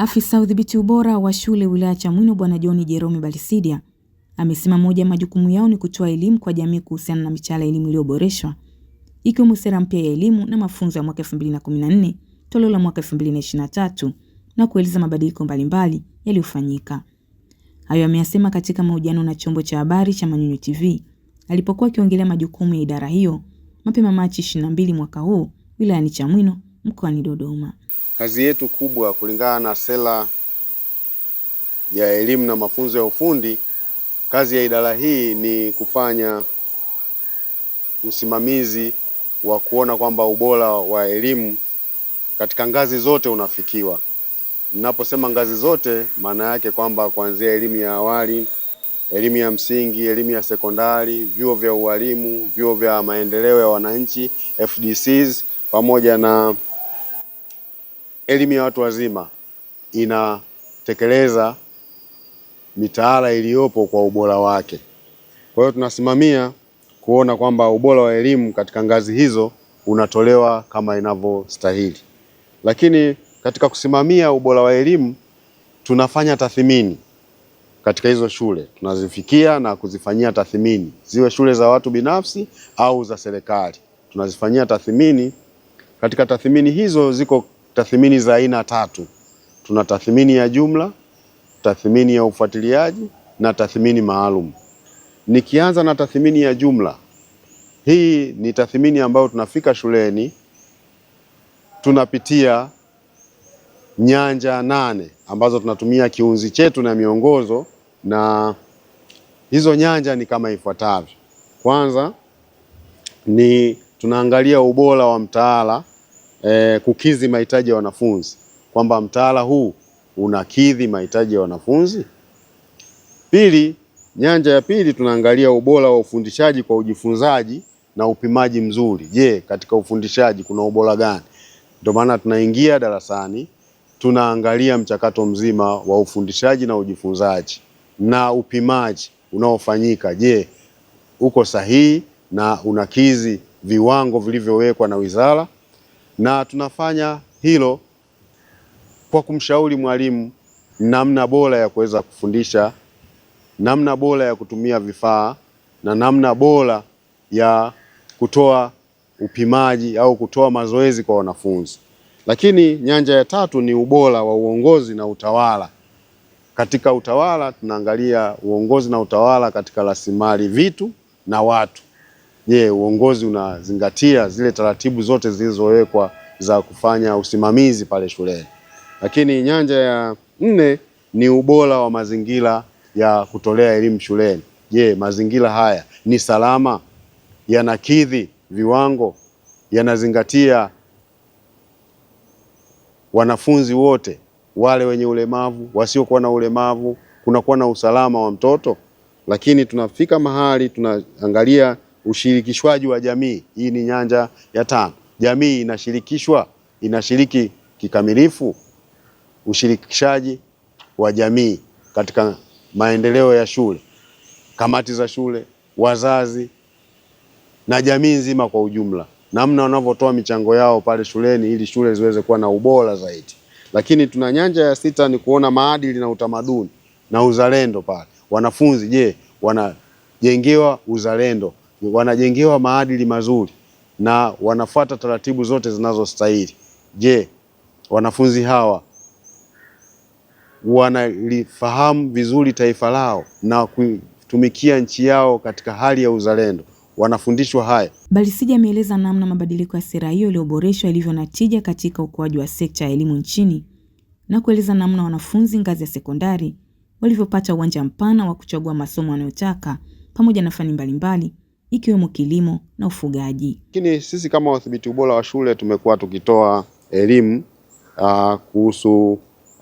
Afisa udhibiti ubora wa shule wilaya Chamwino Bwana John Jerome Balisidia amesema moja ya majukumu yao ni kutoa elimu kwa jamii kuhusiana na mitaala ya elimu iliyoboreshwa ikiwemo sera mpya ya elimu na mafunzo ya mwaka 2014 toleo la mwaka 2023 na kueleza mabadiliko mbalimbali yaliyofanyika. Hayo ameyasema katika mahojiano na chombo cha habari cha Manyunyu TV alipokuwa akiongelea majukumu ya idara hiyo mapema Machi 22 mwaka huu wilayani Chamwino mkoani Dodoma. Kazi yetu kubwa kulingana na sera ya elimu na mafunzo ya ufundi, kazi ya idara hii ni kufanya usimamizi wa kuona kwamba ubora wa elimu katika ngazi zote unafikiwa. Ninaposema ngazi zote, maana yake kwamba kuanzia elimu ya awali, elimu ya msingi, elimu ya sekondari, vyuo vya ualimu, vyuo vya maendeleo ya wananchi FDCs, pamoja na elimu ya watu wazima inatekeleza mitaala iliyopo kwa ubora wake. Kwa hiyo tunasimamia kuona kwamba ubora wa elimu katika ngazi hizo unatolewa kama inavyostahili. Lakini katika kusimamia ubora wa elimu tunafanya tathmini katika hizo shule, tunazifikia na kuzifanyia tathmini, ziwe shule za watu binafsi au za serikali, tunazifanyia tathmini. Katika tathmini hizo ziko tathmini za aina tatu. Tuna tathmini ya jumla, tathmini ya ufuatiliaji na tathmini maalum. Nikianza na tathmini ya jumla, hii ni tathmini ambayo tunafika shuleni tunapitia nyanja nane ambazo tunatumia kiunzi chetu na miongozo, na hizo nyanja ni kama ifuatavyo. Kwanza ni tunaangalia ubora wa mtaala eh, kukidhi mahitaji ya wanafunzi, kwamba mtaala huu unakidhi mahitaji ya wanafunzi. Pili, nyanja ya pili tunaangalia ubora wa ufundishaji kwa ujifunzaji na upimaji mzuri. Je, katika ufundishaji kuna ubora gani? Ndio maana tunaingia darasani tunaangalia mchakato mzima wa ufundishaji na ujifunzaji na upimaji unaofanyika. Je, uko sahihi na unakidhi viwango vilivyowekwa na wizara? na tunafanya hilo kwa kumshauri mwalimu namna bora ya kuweza kufundisha, namna bora ya kutumia vifaa na namna bora ya kutoa upimaji au kutoa mazoezi kwa wanafunzi. Lakini nyanja ya tatu ni ubora wa uongozi na utawala. Katika utawala tunaangalia uongozi na utawala katika rasilimali vitu na watu je, uongozi unazingatia zile taratibu zote zilizowekwa za kufanya usimamizi pale shuleni. Lakini nyanja ya nne ni ubora wa mazingira ya kutolea elimu shuleni. Je, mazingira haya ni salama, yanakidhi viwango, yanazingatia wanafunzi wote, wale wenye ulemavu, wasiokuwa na ulemavu, kunakuwa na usalama wa mtoto. Lakini tunafika mahali tunaangalia ushirikishwaji wa jamii. Hii ni nyanja ya tano. Jamii inashirikishwa, inashiriki kikamilifu ushirikishaji wa jamii katika maendeleo ya shule, kamati za shule, wazazi na jamii nzima kwa ujumla, namna wanavyotoa michango yao pale shuleni ili shule ziweze kuwa na ubora zaidi. Lakini tuna nyanja ya sita ni kuona maadili na utamaduni na uzalendo pale. Wanafunzi je, wanajengewa uzalendo wanajengewa maadili mazuri na wanafuata taratibu zote zinazostahili. Je, wanafunzi hawa wanalifahamu vizuri taifa lao na kutumikia nchi yao katika hali ya uzalendo? Wanafundishwa haya. Balisija ameeleza namna mabadiliko ya sera hiyo iliyoboreshwa ilivyo na tija katika ukuaji wa sekta ya elimu nchini na kueleza namna wanafunzi ngazi ya sekondari walivyopata uwanja mpana wa kuchagua masomo wanayotaka pamoja na fani mbalimbali ikiwemo kilimo na ufugaji. Lakini sisi kama wadhibiti ubora wa shule tumekuwa tukitoa elimu uh, kuhusu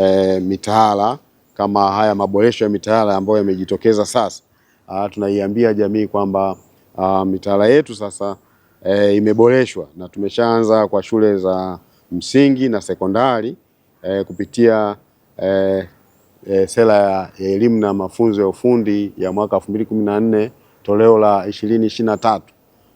eh, mitaala kama haya maboresho ya mitaala ambayo yamejitokeza sasa. Uh, tunaiambia jamii kwamba uh, mitaala yetu sasa eh, imeboreshwa na tumeshaanza kwa shule za msingi na sekondari eh, kupitia eh, eh, sera ya elimu na mafunzo ya ufundi ya mwaka elfu kumi na nne toleo la ishirini ishirini na tatu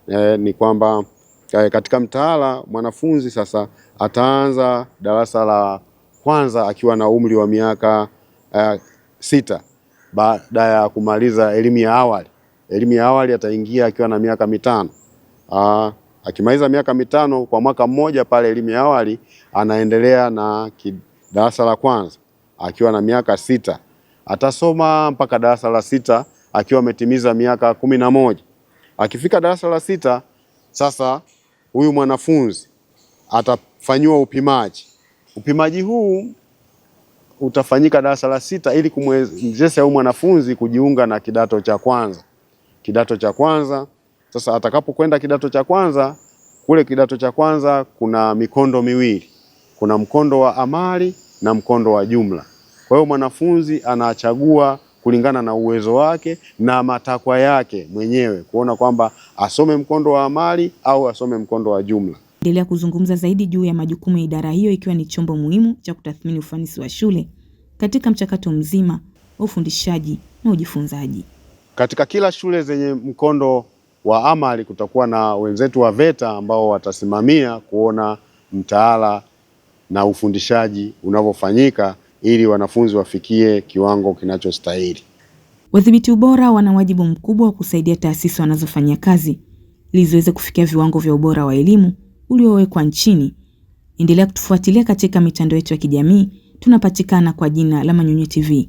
e, ni kwamba e, katika mtaala mwanafunzi sasa ataanza darasa la kwanza akiwa na umri wa miaka e, sita baada ya kumaliza elimu ya awali. Elimu ya awali ataingia akiwa na miaka mitano. Aa, ah, akimaliza miaka mitano kwa mwaka mmoja pale elimu ya awali anaendelea na darasa la kwanza akiwa na miaka sita atasoma mpaka darasa la sita akiwa ametimiza miaka kumi na moja. Akifika darasa la sita, sasa huyu mwanafunzi atafanyiwa upimaji. Upimaji huu utafanyika darasa la sita ili kumwezesha huyu mwanafunzi kujiunga na kidato cha kwanza. Kidato cha kwanza sasa, atakapokwenda kidato cha kwanza, kule kidato cha kwanza kuna mikondo miwili, kuna mkondo wa amali na mkondo wa jumla. Kwa hiyo mwanafunzi anachagua kulingana na uwezo wake na matakwa yake mwenyewe, kuona kwamba asome mkondo wa amali au asome mkondo wa jumla. Endelea kuzungumza zaidi juu ya majukumu ya idara hiyo, ikiwa ni chombo muhimu cha kutathmini ufanisi wa shule katika mchakato mzima wa ufundishaji na ujifunzaji. Katika kila shule zenye mkondo wa amali kutakuwa na wenzetu wa VETA ambao watasimamia kuona mtaala na ufundishaji unavyofanyika ili wanafunzi wafikie kiwango kinachostahili. Wadhibiti ubora wana wajibu mkubwa wa kusaidia taasisi wanazofanyia kazi ili ziweze kufikia viwango vya ubora wa elimu uliowekwa nchini. Endelea kutufuatilia katika mitandao yetu ya kijamii, tunapatikana kwa jina la Manyunyu TV.